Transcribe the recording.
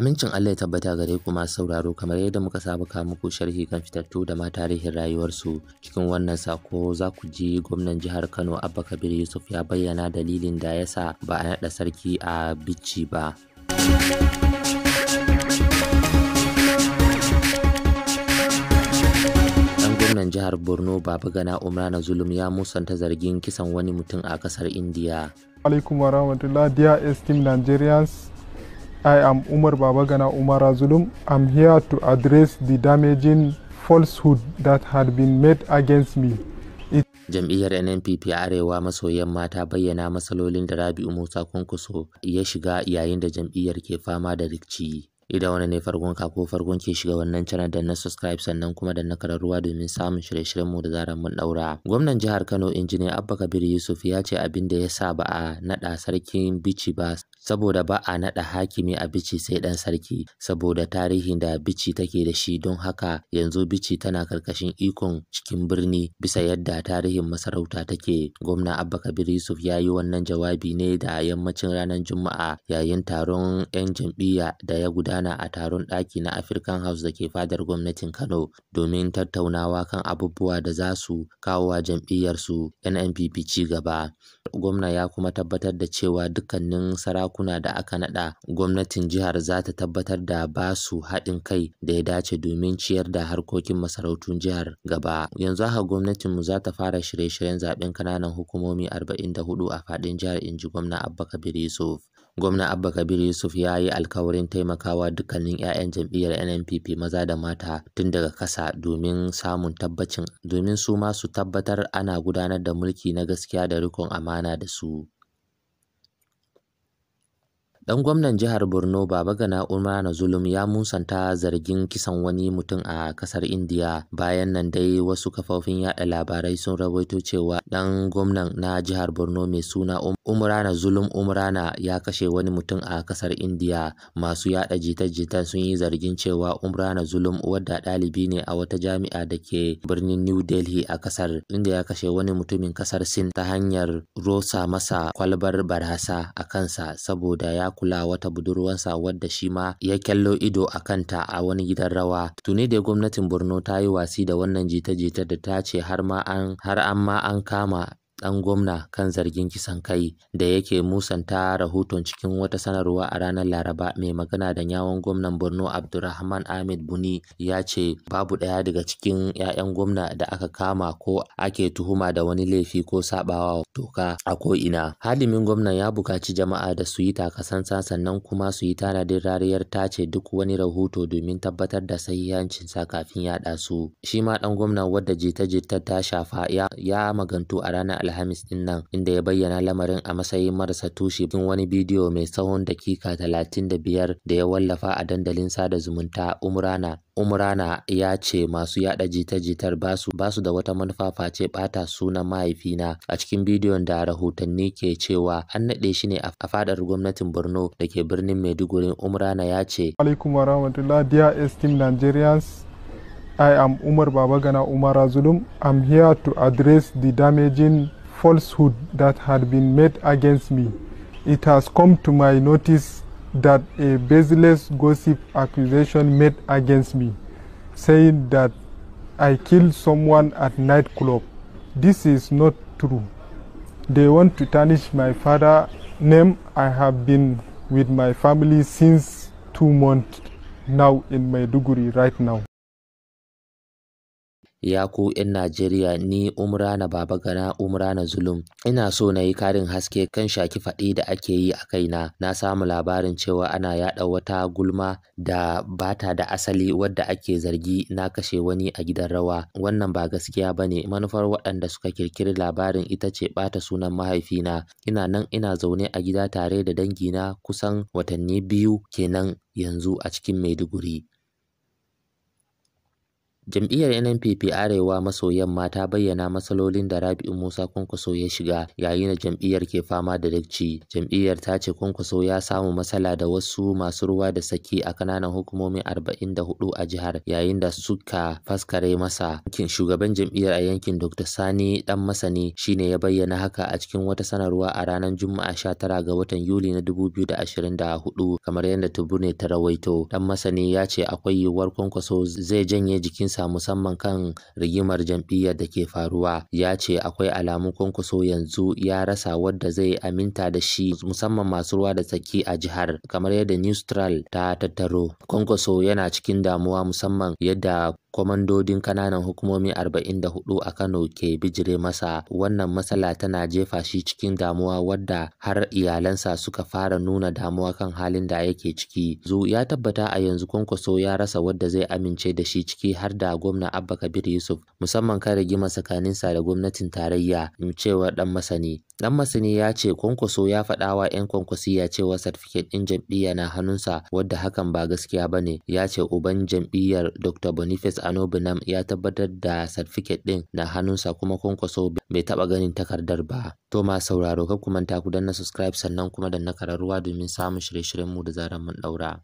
Amincin Allah ya tabbata gare ku masu sauraro kamar yadda muka saba ka muku sharhi kan fitattu da ma tarihin rayuwarsu cikin wannan sako za ku ji gwamnan jihar Kano Abba Kabir Yusuf ya bayyana dalilin da ya sa ba a naɗa sarki a Bichi ba. gwamnan jihar borno baba gana umrana zulum ya musanta zargin kisan wani mutum a kasar india alaikum warahmatullah dear esteemed nigerians I am Umar Babagana Umar Azulum. I'm here to address the damaging falsehood that had been made against me. Jam'iyyar NNPP a Arewa maso yamma ta bayyana matsalolin da Rabi'u Musa Kunkuso ya shiga yayin da jam'iyyar ke fama da rikici. Idan wani ne farkon ka ko farkon ke shiga wannan channel da na subscribe sannan kuma da na kararruwa domin samun shirye mu da zarar mun daura. Gwamnan jihar Kano injiniya Abba Kabir Yusuf ya ce abin da ya sa ba a naɗa sarkin bici ba saboda ba a naɗa hakimi a bici sai dan sarki saboda tarihin da bici take da shi don haka yanzu bici tana karkashin ikon cikin birni bisa yadda tarihin masarauta take gwamna abba kabir yusuf ya yi wannan jawabi ne da yammacin ranar juma'a yayin taron 'yan jam'iyya da ya gudana gudana a taron ɗaki na African House da ke fadar gwamnatin Kano domin tattaunawa kan abubuwa da za su kawo wa jam'iyyar su NNPP ci gaba. Gwamna ya kuma tabbatar da cewa dukkanin sarakuna da aka naɗa gwamnatin jihar za ta tabbatar da ba su haɗin kai da ya dace domin ciyar da harkokin masarautun jihar gaba. Yanzu haka mu za ta fara shirye-shiryen zaɓen kananan hukumomi 44 a faɗin jihar in ji gwamna Abba Kabir Yusuf. Gwamna Abba Kabir Yusuf ya yi alkawarin taimakawa dukkanin 'ya'yan jam'iyyar NNPP maza da mata tun daga kasa domin samun tabbacin domin su ma su tabbatar ana gudanar da mulki na gaskiya da rikon amana da su. Dan gwamnan jihar Borno baba gana Umar Zulum ya musanta zargin kisan wani mutum a kasar indiya bayan nan dai wasu kafofin yada labarai sun rawaito cewa 'Ɗan gwamnan na jihar Borno mai suna umar. umrana Zulum umrana ya kashe wani mutum a kasar Indiya Masu yada jita-jitan sun yi zargin cewa umrana Zulum, wadda dalibi ne a wata jami'a da ke birnin New Delhi a kasar Inda ya kashe wani mutumin kasar Sin ta hanyar rosa masa kwalbar barasa a kansa saboda ya kula wata budurwarsa wadda shi ma ya kyallo ido a kanta a wani gidan rawa. Tuni da gwamnatin Borno ta yi watsi da wannan jita jita da ta ce har ma an kama ɗan gwamna kan zargin kisan kai da yake musanta rahoton cikin wata sanarwa a ranar Laraba mai magana da yawon gwamnan Borno Abdurrahman Ahmed Buni ya ce babu ɗaya daga cikin 'ya'yan gwamna da aka kama ko ake tuhuma da wani laifi ko sabawa toka a ko'ina. Halimin gwamnan ya buƙaci jama'a da su yi takasansa sannan kuma su yi tanadin rariyar tace duk wani rahoto domin tabbatar da sahihancinsa kafin yaɗa su. Shi ma ɗan gwamna wadda jita-jita ta shafa ya magantu a ranar Alhamis din nan inda ya bayyana lamarin a matsayin marasa tushe cikin wani bidiyo mai tsawon dakika 35 da ya wallafa a dandalin sada zumunta Umrana. Umrana ya ce masu yada jita-jitar basu basu da wata manufa face bata sunan mahaifina a cikin bidiyon da rahotanni ke cewa an nade shi ne a fadar gwamnatin Borno da ke birnin Maiduguri Umrana ya ce Alaikum wa dear esteemed Nigerians I am Umar Babagana Umar Azulum I'm here to address the damaging falsehood that had been made against me. It has come to my notice that a baseless gossip accusation made against me, saying that I killed someone at nightclub. This is not true. They want to tarnish my father name. I have been with my family since two months now in Maiduguri right now. Ya ku in Najeriya ni na Baba umra Gana, umra na Zulum. Ina so na yi karin haske kan shaki faɗi da ake yi a kaina. Na samu labarin cewa ana yaɗa wata gulma da bata da asali wadda ake zargi na kashe wani a gidan rawa. Wannan ba gaskiya ba ne. Manufar waɗanda suka kirkiri labarin ita ce ɓata sunan mahaifina. Ina nan ina zaune a gida tare da dangina kusan watanni biyu kenan yanzu a cikin Maiduguri. Jam'iyyar NNPP Arewa maso yamma ta bayyana matsalolin da Rabi'u Musa Kwankwaso ya shiga yayin da jam'iyyar ke fama da dakci. Jam'iyyar ta ce Kwankwaso ya samu matsala da wasu masu ruwa da saki a kananan hukumomin arba'in da hudu a jihar yayin da suka faskare masa. Shugaban jam'iyyar a yankin Dr. Sani Dan Masani shine ya bayyana haka a cikin wata sanarwa a ranar Juma'a sha tara ga watan Yuli na ashirin 2024 kamar yadda Tubune ta rawaito. Dan Masani ya ce akwai yiwuwar Kwankwaso zai janye jikinsa siyasa musamman kan rigimar jam'iyyar da ke faruwa ya ce akwai alamun kwankwaso yanzu ya rasa wadda zai aminta da shi musamman masu ruwa da tsaki a jihar kamar yadda Neutral ta tattaro kwankwaso yana cikin damuwa musamman yadda kwamandodin kananan hukumomi 44 a Kano ke bijire masa wannan matsala tana jefa shi cikin damuwa wadda har iyalansa suka fara nuna damuwa kan halin da yake ciki zu ya tabbata a yanzu kwankwaso ya rasa wadda zai amince da shi ciki har da gwamna Abba Kabir Yusuf musamman kan rigima tsakaninsa da gwamnatin tarayya cewa dan masani dan masani ya ce kwankwaso ya faɗa wa 'yan ya cewa certificate ɗin jam'iyya na hannunsa wadda hakan ba gaskiya bane ya ce uban jam'iyyar Dr Boniface Anobinan ya tabbatar da certificate din na hannunsa kuma Kwankwaso bai taɓa ganin takardar ba. To ma sauraro kar ku manta ku danna subscribe sannan kuma na kararruwa domin samun shirye shiryen mu da zarar mun ɗaura.